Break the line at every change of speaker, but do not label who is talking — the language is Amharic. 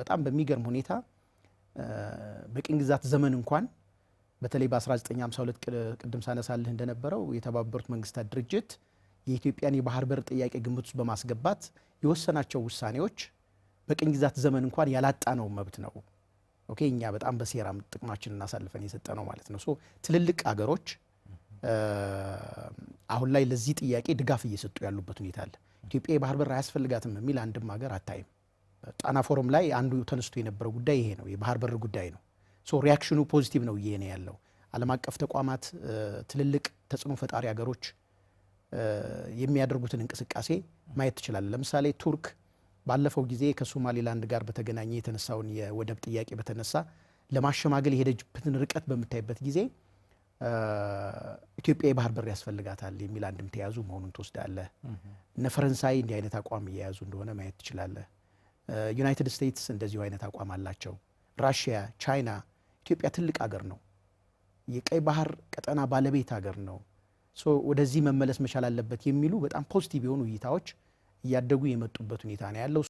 በጣም በሚገርም ሁኔታ በቅኝ ግዛት ዘመን እንኳን በተለይ በ1952 ቅድም ሳነሳልህ እንደነበረው የተባበሩት መንግስታት ድርጅት የኢትዮጵያን የባህር በር ጥያቄ ግምት ውስጥ በማስገባት የወሰናቸው ውሳኔዎች በቅኝ ግዛት ዘመን እንኳን ያላጣነው መብት ነው። ኦኬ እኛ በጣም በሴራ ጥቅማችን እናሳልፈን የሰጠ ነው ማለት ነው። ሶ ትልልቅ አገሮች አሁን ላይ ለዚህ ጥያቄ ድጋፍ እየሰጡ ያሉበት ሁኔታ አለ። ኢትዮጵያ የባህር በር አያስፈልጋትም የሚል አንድም ሀገር አታይም። ጣና ፎረም ላይ አንዱ ተነስቶ የነበረው ጉዳይ ይሄ ነው፣ የባህር በር ጉዳይ ነው። ሶ ሪያክሽኑ ፖዚቲቭ ነው እየሄነ ያለው ዓለም አቀፍ ተቋማት ትልልቅ ተጽዕኖ ፈጣሪ ሀገሮች የሚያደርጉትን እንቅስቃሴ ማየት ትችላለን። ለምሳሌ ቱርክ ባለፈው ጊዜ ከሶማሌላንድ ጋር በተገናኘ የተነሳውን የወደብ ጥያቄ በተነሳ ለማሸማገል የሄደችበትን ርቀት በምታይበት ጊዜ ኢትዮጵያ የባህር በር ያስፈልጋታል የሚል አንድምታ የያዙ መሆኑን ትወስዳለህ። እነ ፈረንሳይ እንዲህ አይነት አቋም እየያዙ እንደሆነ ማየት ትችላለህ። ዩናይትድ ስቴትስ እንደዚሁ አይነት አቋም አላቸው። ራሽያ፣ ቻይና። ኢትዮጵያ ትልቅ አገር ነው። የቀይ ባህር ቀጠና ባለቤት አገር ነው። ወደዚህ መመለስ መቻል አለበት የሚሉ በጣም ፖዚቲቭ የሆኑ እይታዎች እያደጉ የመጡበት ሁኔታ ነው ያለው።